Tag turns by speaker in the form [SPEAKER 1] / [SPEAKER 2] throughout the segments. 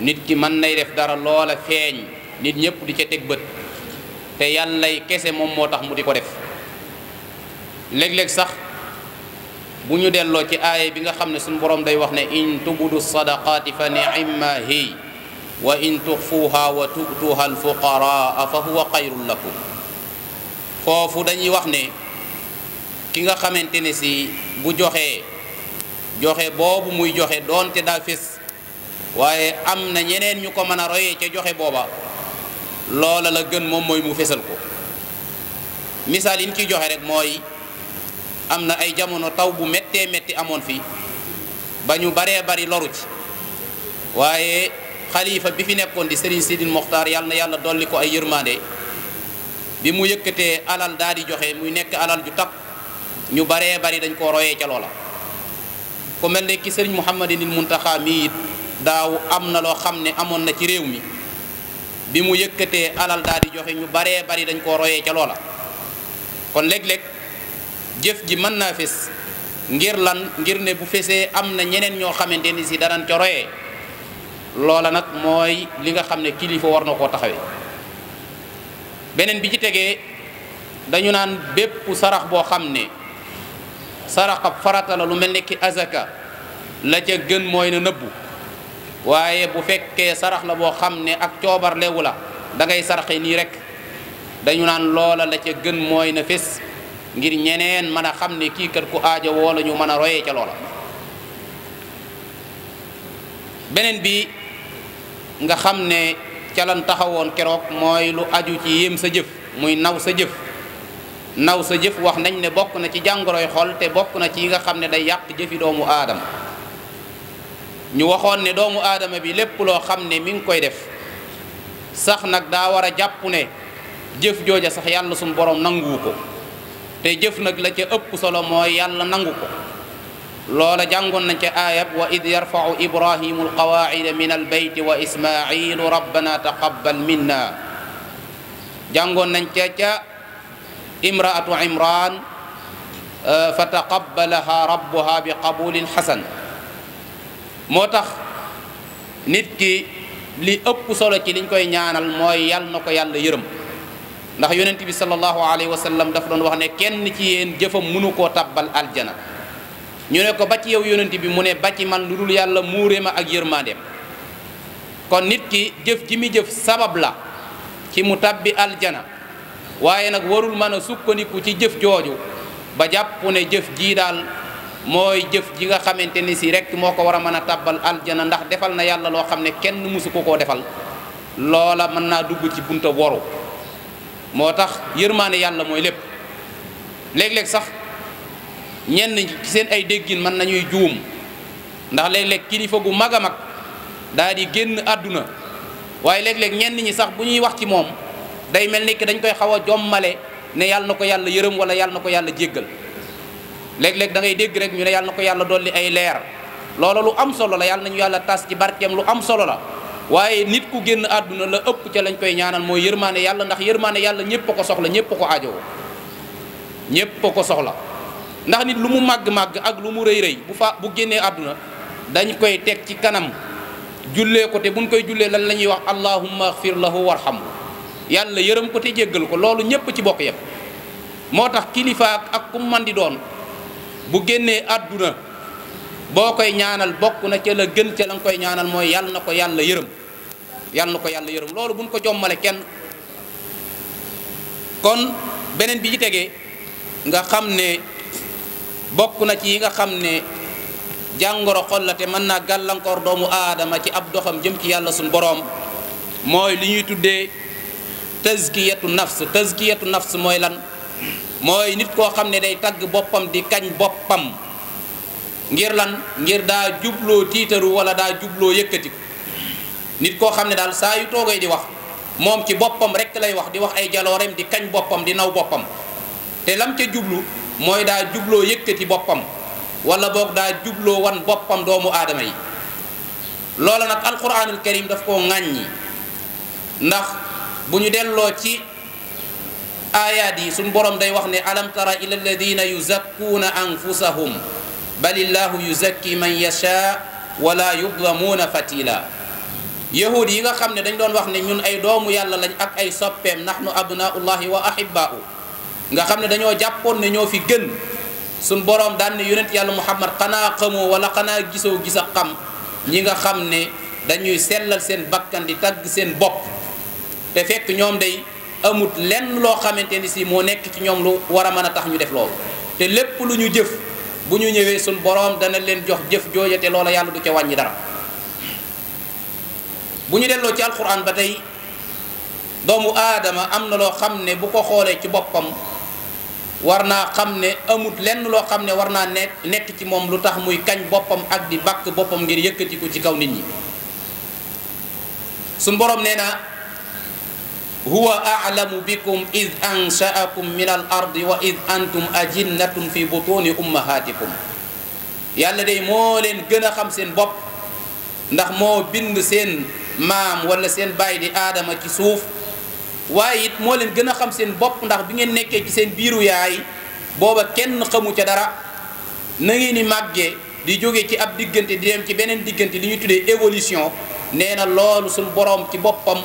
[SPEAKER 1] nit ki mën nay def dara loola feeñ nit ñëpp di ca teg bët te yàllay kese moom moo tax mu di ko def léeg-léeg sax bu ñu delloo ci aaya bi nga xam ne suñu boroom day wax ne in tubudu sadaqaati fa ni'imma hiy wa in tuxfuha wa tu'tuha alfuqaraa fa huwa xayrun lakum foofu dañuy wax ne ki nga xamante ne si bu joxee joxe boobu muy joxe doonte daa fés waaye am na ñeneen ñu ko mën a royee ca joxe booba loola la gën moom mooy mu fesal ko misaal yi ñu ciy joxe rek mooy am na ay jamono taw bu mettee métti amoon fi ba ñu baree bari loru ci waaye xalifa bi fi nekkoon di Serigne Sidil Mokhtar yàlla na yàlla dolli ko ay yërmande bi mu yëkkatee alal daal di joxe muy nekk alal ju takk ñu baree bari dañ koo royee ca loola ku mel ne ki Serigne Mouhamadinil Muntaxa mii it daaw am na loo xam ne amoon na ci réew mi bi mu yëkkatee alal daal joxe ñu baree bari dañ koo royee ca loola kon léeg-léeg jëf ji mën naa fes ngir lan ngir ne bu fesee am na ñeneen ñoo xamante ni si danañ ca royee loola nag mooy li nga xam ne kilifa war na koo taxawee beneen bi ci tegee dañu naan bépp sarax boo xam ne sarax ab lu mel ne ki azaka la ca gën mooy na nëbbu waaye bu fekkee sarax la boo xam ne ak coobar lewu la dangay ngay saraxe nii rek dañu naan loola la ca gën mooy na fés ngir ñeneen mën a xam ne kii kat ku aajo woo la ñu mën a royee ca loola beneen bi nga xam ne calan taxawoon keroog mooy lu aju ci yéem sa jëf muy naw sa jëf naw sa jëf wax nañ ne bokk na ci jàngoroy xol te bokk na ci yi nga xam ne day yàq jëfi doomu aadama ñu waxoon ne doomu aadama bi lépp loo xam ne mi ngi koy def sax nag daa war a jàpp ne jëf jooja sax yàlla suñu borom nanguwu jëf nag la ca ëpp solo mooy yàlla nangu ko loola jàngoon nañ ca aayab wa id yarfau ibrahimu alqawaacida min albeyti wa ismailu rabbana taqabbal minna jàngoon nañ ca ca imraatu imran fa taqabbalaha rabbuha bi qabulin xasan moo tax nit ki li ëpp solo ci liñ koy ñaanal mooy yal na ko yàlla yërëm ndax yonent bi sallallahu alayhi wa sallam dafa doon wax ne kenn ci yéen jëfam mënu koo tabbal aljana ñu ne ko ba ci yow yonent bi mu ne ba ci man lu dul yàlla muure ma ak yërmandeem kon nit ki jëf ji mi jëf sabab la ci mu tabbi aljana waaye nag warul mën a sukkandiku ci jëf jooju ba jàpp ne jëf jii daal mooy jëf ji nga xamante ni si rek moo ko war a mën a tàbbal aljana ndax defal na yàlla loo xam ne kenn musu ko koo defal loola mën naa dugg ci bunta woru moo tax yërmaane yàlla mooy lépp léeg-léeg sax ñenn ci seen ay déggin mën nañuy juum ndax léeg-léeg kilifa gu mag a mag daa di génn àdduna waaye léeg-léeg ñenn ñi sax bu ñuy wax ci moom day mel ni dañ koy xaw a jommale ne yàlla na ko yàlla yërëm wala yàlla na ko yàlla jéggal léeg-léeg dégg rek ñu ne yàlla na ko yàlla dolli ay leer loola lu am solo la yàlla nañu yàlla tas ci barkeem lu am solo la waaye nit ku génn àdduna la ëpp ca lañ koy ñaanal moo yërmaane yàlla ndax yërmaane ñëpp ko soxla ñëpp a ko aajowoo ñëpp ko soxla ndax nit lu mu màgg-màgg ak lu mu rëy-rëy bu fa bu génnee àdduna dañ koy teg ci kanam jullee ko te koy jullee lan la ñuy wax allahumma xfir lahu warxamu yàlla yërëm ko te ko loolu ñëpp ci bokk yëpp moo tax kilifa ak ku man di doon bu génnee àdduna boo koy ñaanal bokk na ca la gën ca la nga koy ñaanal mooy yàlla na ko yàlla yërëm yal na ko yàlla yërëm loolu buñ ko jommale kenn kon beneen bi ci tegee nga xam ne bokk na ci yi nga xam ne jàngoro xol la te mën naa gàllankoor doomu aadama ci ab doxam jëm ci yàlla suñu boroom mooy li ñuy tuddee tazkiyatu nafs tazkiyatu nafs mooy lan mooy nit koo xam ne day tagg boppam di kañ boppam ngir lan ngir daa jubloo tiitaru wala daa jubloo yëkkatiku nit koo xam ne daal saa yu toogee di wax moom ci boppam rek lay wax di wax ay jalooreem di kañ boppam di naw boppam te lam ca jublu mooy daa jubloo yëkkati boppam wala boog daa jubloo wan boppam doomu aadama yi loola nag alquranul karim ko koo yi ndax bu ñu delloo ci aayaat yi suñ borom day wax ne alam tara ila alladina yuzakkuuna anfusahum bal illaahu yuzakki man yashaa wala yudlamuuna fatila yahud yi nga xam ne dañ doon wax ne ñun ay doomu yàlla lañ ak ay soppeem nahnu abnaullahi wa ahibaau nga xam ne dañoo jàppoon ne ñoo fi gën suñ boroom daan ne yonent yàlla muhammad xanaa xamoo wala xanaa gisoo gis a xam ñi nga xam ne dañuy sellal seen bakkan di tagg seen bopp te fekk ñoom day amut lenn loo xamante ni sii moo nekk ci ñoom lu war a mën a tax ñu def loolu te lépp lu ñu jëf bu ñu ñëwee suñ boroom dana leen jox jëf jooja te loola yàlla du ca wàññi dara bu ñu delloo ci alxuraan ba tey doomu aadama am na loo xam ne bu ko xoolee ci boppam war naa xam ne amut lenn loo xam ne war naa nekk ci moom lu tax muy kañ boppam ak di bàkk boppam ngir yëkkati ci kaw nit ñi suñ boroom nee na huwa a'lamu bikum id ansa'akum min al ardi wa id antum ajinnatun fi butuni ummahatikum yàlla day moo leen gën a xam seen bopp ndax moo bind seen maam wala seen baay di aadama ci suuf waaye it moo leen gën a xam seen bopp ndax bi ngeen nekkee ci seen biiru yaay booba kenn xamu ca dara na ngeen ni màggee di jóge ci ab diggante di dem ci beneen diggante li ñu tuddee évolution nee na loolu suñu boroom ci boppam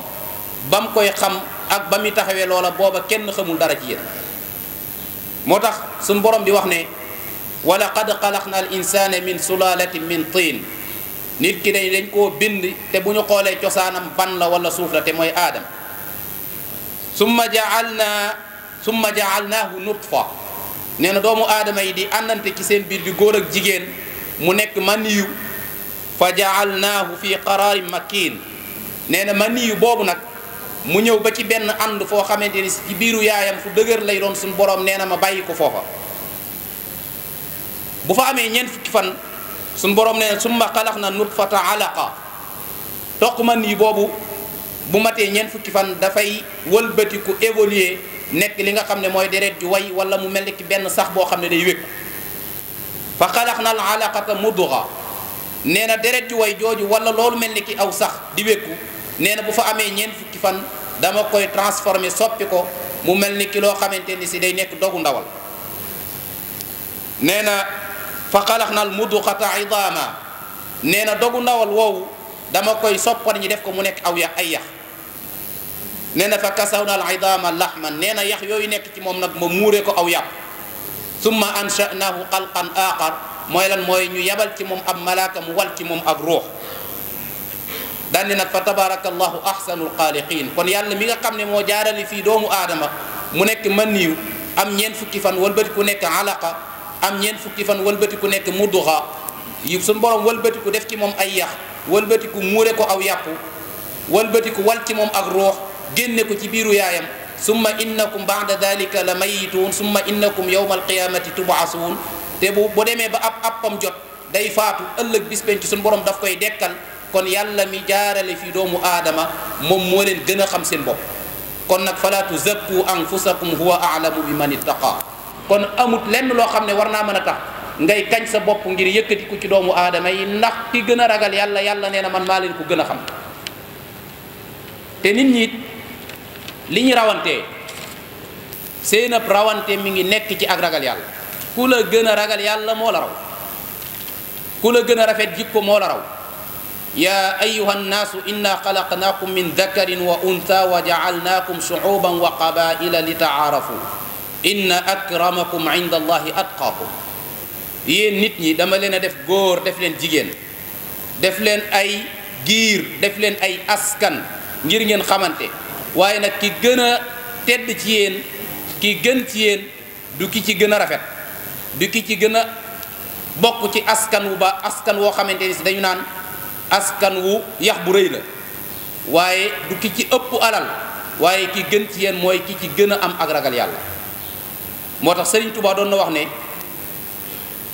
[SPEAKER 1] ba mu koy xam ak ba muy taxawee loola booba kenn xamul dara ci yéen moo tax suñ borom di wax ne wa laqad xalaqna al insana min sulalatin min tin nit ki day dañ koo bind te bu ñu xoolee cosaanam ban la wala suuf la te mooy aadam summa jaalna summa jaalnaahu nutfa nee na doomu aadama yi di àndante ci seen biir di góor ak jigéen mu nekk maniyu fa jaalnaahu fi qararin kiin nee na maniyu boobu nag mu ñëw ba ci benn ànd foo xamante ni ci biiru yaayam fu dëgër lay doon suñu boroom nee na ma bàyyi ko foofa bu fa amee ñeent fukki fan suñu boroom nee na summa xalax na nutfata alaqa toq man yi boobu bu matee ñeent fukki fan dafay wëlbatiku évoluer nekk li nga xam ne mooy deret ju way wala mu mel ni ki benn sax boo xam ne day wékku fa xalax na al alaqata mudga nee na deret ju way jooju wala loolu mel ni ki aw sax di wékku nee na bu fa amee ñeent fukki fan dama koy transformé soppi ko mu mel ni ki loo xamante ni si day nekk dogu ndawal nee na fa xalaxna al mudxata idaama nee na dogu ndawal woowu dama koy soppar ñi def ko mu nekk aw yax ay yax nee na fa kasawna al idaama laxman nee na yax yooyu nekk ci moom nag ma muuree ko aw yàpp summa ansha'nahu xalqan aaxar mooy lan mooy ñu yabal ci moom ab malaaka mu wal ci moom ak ruux daan ni nag fa tabarakallahu ahsanul xaaliqin kon yàlla mi nga xam ne moo jaarale fii doomu aadama mu nekk maniyu am ñeent fukki fan walbati ku nekk alaqa am ñeent fukki fan walbati ku nekk mudduxa yi suñu borom walbati ku def ci moom ay yax walbati ku muure ko aw yàpp walbati ku wal ci moom ak ruux génne ko ci biiru yaayam summa innakum baada dalika la mayituun summa innakum yowma alqiyamati tubaasuun te bu bu demee ba ab appam jot day faatu ëllëg bis penc suñu borom daf koy dekkal kon yàlla mi jaarale fi doomu aadama moom moo leen gën a xam seen bopp kon nag fala tuzakku anfusakum huwa aalamu bi man ittaqa kon amut lenn loo xam ne war naa mën a tax ngay kañ sa bopp ngir yëkkati ko ci doomu aadama yi ndax ki gën a ragal yàlla yàlla nee na man maa leen ko gën a xam te nit ñi li ñu rawantee seen ab rawante mi ngi nekk ci ak ragal yàlla ku la gën a ragal yàlla moo la raw ku la gën a rafet jikko moo la raw يا أيها الناس إنا خلقناكم من ذكر وأنثى وجعلناكم شعوبا وقبائل لتعارفوا إن أكرمكم عند الله أتقاكم yéen nit ñi dama leen a def góor def leen jigéen def leen ay giir def leen ay askan ngir ngeen xamante waaye nag ki gën a tedd ci ki gën ci du ki ci gën a rafet ki ci gën a bokk ci askan wu askan woo xamante ni si dañu naan askan wu yax bu rëy la waaye du ki ci ëpp alal waaye ki gën ci yéen mooy ki ci gën a am ak ragal yàlla moo tax Sëriñ Tuubaa doon na wax ne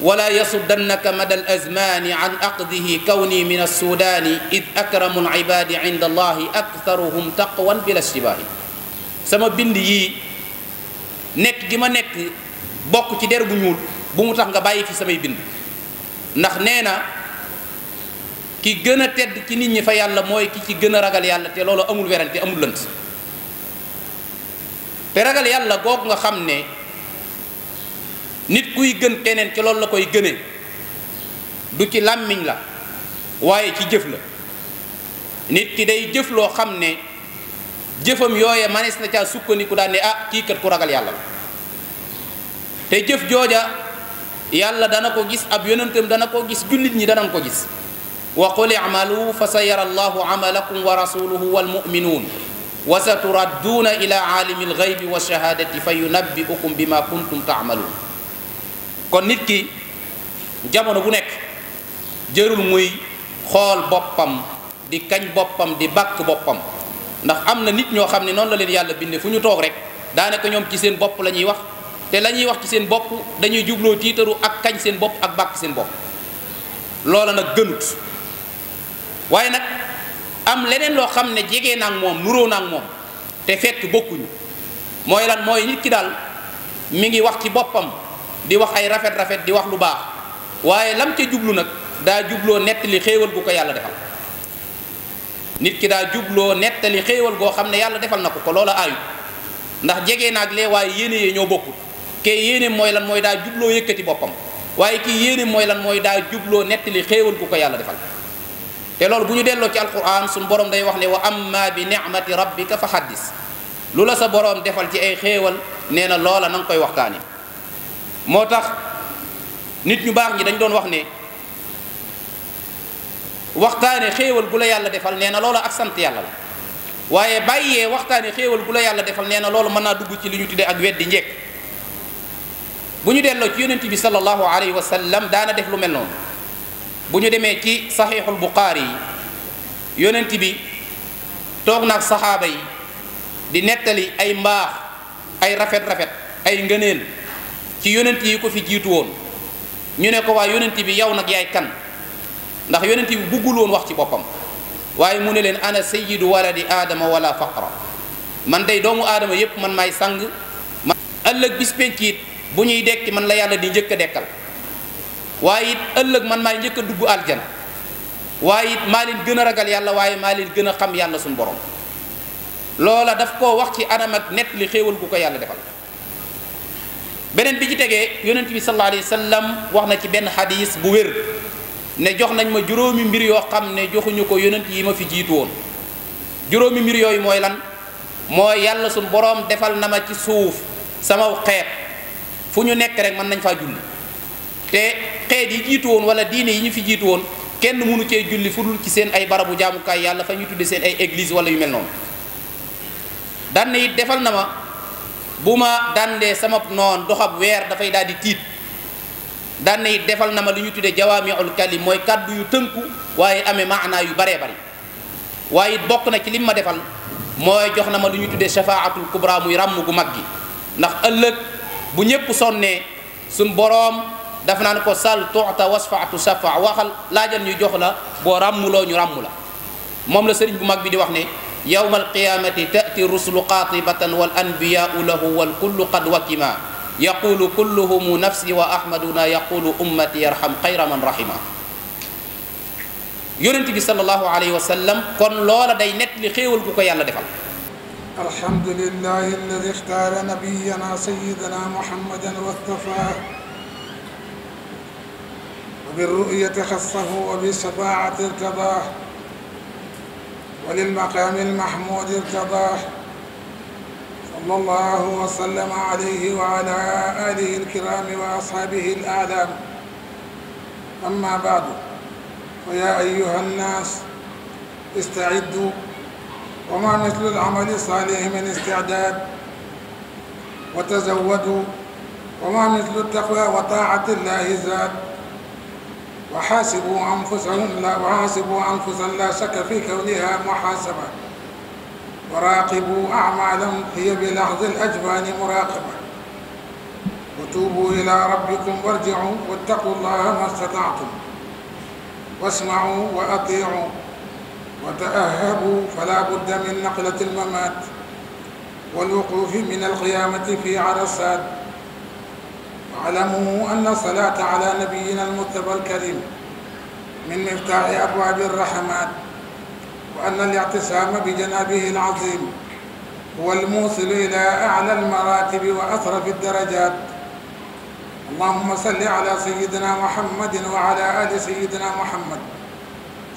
[SPEAKER 1] wala yasuddannaka mada al azmani an aqdihi kawni min alsudaani id akramu alibadi inda allahi aktharuhum taqwan bila shibaahi sama bind yii nekk gi ma nekk bokk ci der bu ñuul bu mu tax nga bàyyi fi samay bind ndax nee na ki gën a tedd ci nit ñi fa yàlla mooy ki ci gën a ragal yàlla te loolu amul werante amul lënt te ragal yàlla googu nga xam ne nit kuy gën keneen ci loolu la koy gënee du ci làmmiñ la waaye ci jëf la nit ki day jëf loo xam ne jëfam yooye manees na caa sukkandiku daan ne ah kii kat ku ragal yàlla la te jëf jooja yàlla dana ko gis ab yonentam dana ko gis jullit ñi danañ ko gis wa qul i'malu fa sayara allahu amalakum wa rasuluhu wal mu'minun wa saturadduuna ila aalimi alxaybi wa shahaadati fa yunabbiukum bima kuntum taamaluun kon nit ki jamono bu nekk jërul muy xool boppam di kañ boppam di bàkk boppam ndax am na nit ñoo xam ne noonu la leen yàlla bindee fu ñu toog rek daanaka ñoom ci seen bopp lañuy wax te la ñuy wax ci seen bopp dañuy jubloo tiitaru ak kañ seen bopp ak bàkk seen bopp loola nag gënut waaye nag am leneen loo xam ne jege naa ak moom nuróo na ak moom te fekk bokkuñu mooy lan mooy nit ki daal mu ngi wax ci boppam di wax ay rafet rafet di wax lu baax waaye lam ca jublu nag daa jubloo nettali xéewal gu ko yàlla defal nit ki daa jubloo nettali xéewal goo xam ne yàlla defal na ko ko loola aayu ndax jege na ak lee waaye yéene yee ñoo bokkul kee yéene mooy lan mooy daa jubloo yëkkati boppam waaye kii yéene mooy lan mooy daa jubloo nettali xéewal gu ko yàlla defal te loolu bu ñu delloo ci alquran suñu borom day wax ne wa amma bi ni'mati rabbika fa xaddis lu la sa boroom defal ci ay xéewal nee na loola na koy waxtaane moo tax nit ñu baax ñi dañ doon wax ne waxtaane xéewal gu la yàlla defal nee na loola ak sant yàlla la waaye bàyyee waxtaane xéewal gu la yàlla defal nee na loolu mën naa dugg ci li ñu tuddee ak weddi njekk bu ñu delloo ci yonent bi sallallahu alayhi wa sallam daana def lu mel noonu bu ñu demee ci saxiixul buxaari yi yonent bi toog naag saxaaba yi di nettali ay mbaax ay rafet-rafet ay ngëneel ci yonent yi ko fi jiitu woon ñu ne ko waa yonent bi yow nag yaay kan ndax yonent bi buggul woon wax ci boppam waaye mu ne leen ana sayyidu di aadama wala faqra man day doomu aadama yépp man maay sang ëllëg bis penc it bu ñuy dekki man la yàlla di njëkk a dekkal waaye it ëllëg man maa njëkk a dugg aljana waaye it maa leen gën a ragal yàlla waaye maa leen gën a xam yàlla suñu borom loola daf koo wax ci anam ak nett li xéewal gu ko yàlla defal beneen bi ci tegee yonent bi sallallahu alayhi wa wax na ci benn xadiis bu wér ne jox nañ ma juróomi mbir yoo xam ne joxuñu ko yonent yi ma fi jiitu woon juróomi mbir yooyu mooy lan moo yàlla suñu boroom defal na ma ci suuf sama xeet fu ñu nekk rek mën nañ faa julli te xeet yi jiitu woon wala diine yi ñu fi jiitu woon kenn mënu cee julli fu ci seen ay barabu jaamukaay yàlla fa ñu tudde seen ay église wala yu mel noonu daan na it defal na ma bu ma dandee sama noon doxab weer dafay daal di tiit daan na it defal na ma lu ñu tudde jawaamiul kalim mooy kàddu yu tënku waaye amee maanaa yu baree bari waaye bokk na ci lim ma defal mooy jox na ma lu ñu tuddee shafaatul kubra muy ràmm gu mag gi ndax ëllëg bu ñëpp sonnee suñ boroom daf naan ko sal tuuta wasfaatu safa waxal laajal ñu jox la boo ràmmuloo ñu ràmm la moom la sëriñ bu mag bi di wax ne yawma alqiyamati taati rusulu qaatibatan wal anbiyaau lahu wal kullu qad wakima yaqulu kulluhumu nafsi wa ahmaduna yaqulu ummati yarham xayra man rahima yonent bi sallallahu alayhi wa kon loola day nett li xéewal ku ko yàlla defal
[SPEAKER 2] alhamdulillahi alladi ixtaara nabiyana sayidana muhammadan wastafaa بالرؤية خصه وبالشفاعة ارتضاه وللمقام المحمود ارتضاه صلى الله وسلم عليه وعلى آله الكرام وأصحابه الأعلام أما بعد فيا أيها الناس استعدوا وما مثل العمل الصالح من استعداد وتزودوا وما مثل التقوى وطاعة الله زاد وحاسبوا أنفسهم لا وحاسبوا أنفسا لا شك في كونها محاسبة وراقبوا أعمالهم هي بلحظ الأجفان مراقبة وتوبوا إلى ربكم وارجعوا واتقوا الله ما استطعتم واسمعوا وأطيعوا وتأهبوا فلا بد من نقلة الممات والوقوف من القيامة في عرصات اعلموا أن الصلاة على نبينا المصطفى الكريم من مفتاح أبواب الرحمات وأن الاعتصام بجنابه العظيم هو الموصل إلى أعلى المراتب وأطرف الدرجات اللهم صل على سيدنا محمد وعلى آل سيدنا محمد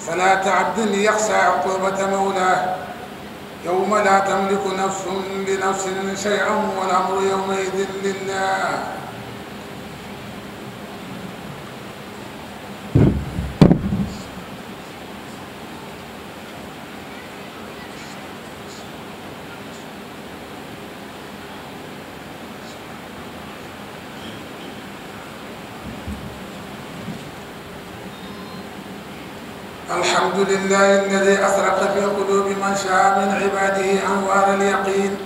[SPEAKER 2] صلاة عبد يخشى عقوبة مولاه يوم لا تملك نفس لنفس شيئا والأمر يومئذ لله لله الذي أسرق في قلوب من شاء من عباده أنوار اليقين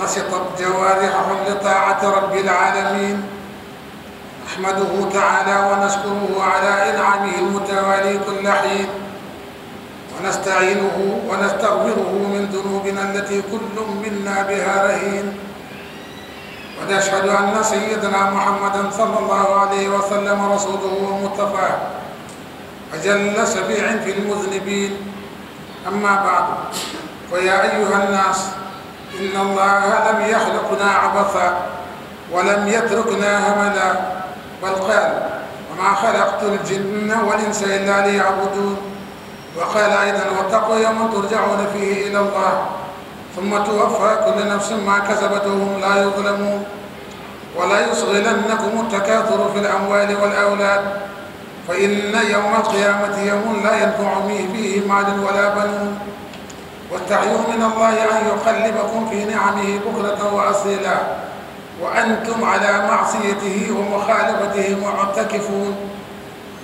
[SPEAKER 2] ونشطت جوارحهم لطاعة رب العالمين نحمده تعالى ونشكره على إنعامه المتوالي كل حين ونستعينه ونستغفره من ذنوبنا التي كل منا بها رهين ونشهد أن سيدنا محمدا صلى الله عليه وسلم رسوله ومصطفاه وجل شفيع في المذنبين أما بعد فيا أيها الناس إن الله لم يخلقنا عبثا ولم يتركنا هملا بل قال وما خلقت الجن والإنس إلا ليعبدون وقال أيضا واتقوا يوما ترجعون فيه إلى الله ثم توفى كل نفس ما كسبت وهم لا يظلمون ولا يشغلنكم التكاثر في الأموال والأولاد فإن يوم القيامة يوم لا ينفع فيه مال ولا بنون واستحيوا من الله أن يقلبكم في نعمه بكرة وأصيلا وأنتم على معصيته ومخالفته معتكفون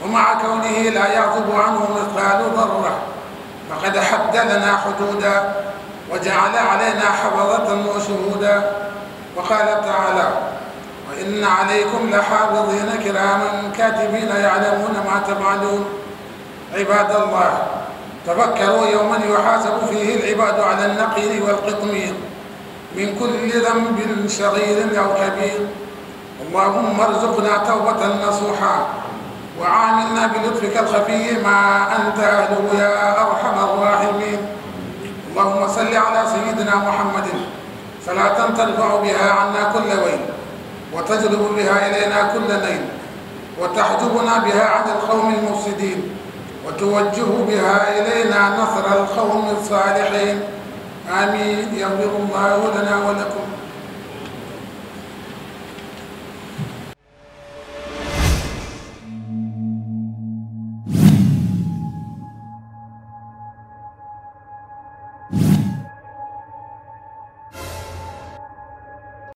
[SPEAKER 2] ومع كونه لا يعقب عنه مثقال ذرة فقد حد لنا حدودا وجعل علينا حفظة وشهودا وقال تعالى وإن عليكم لحافظين كراما كاتبين يعلمون ما تفعلون عباد الله تفكروا يوما يحاسب فيه العباد على النقير والقطمير من كل ذنب صغير أو كبير اللهم ارزقنا توبة نصوحا وعاملنا بلطفك الخفي ما أنت أهله يا أرحم الراحمين اللهم صل على سيدنا محمد صلاة ترفع بها عنا كل ويل وتجلب بها إلينا كل ليل وتحجبنا بها عن القوم المفسدين وتوجه بها إلينا نصر القوم الصالحين آمين يغفر الله لنا ولكم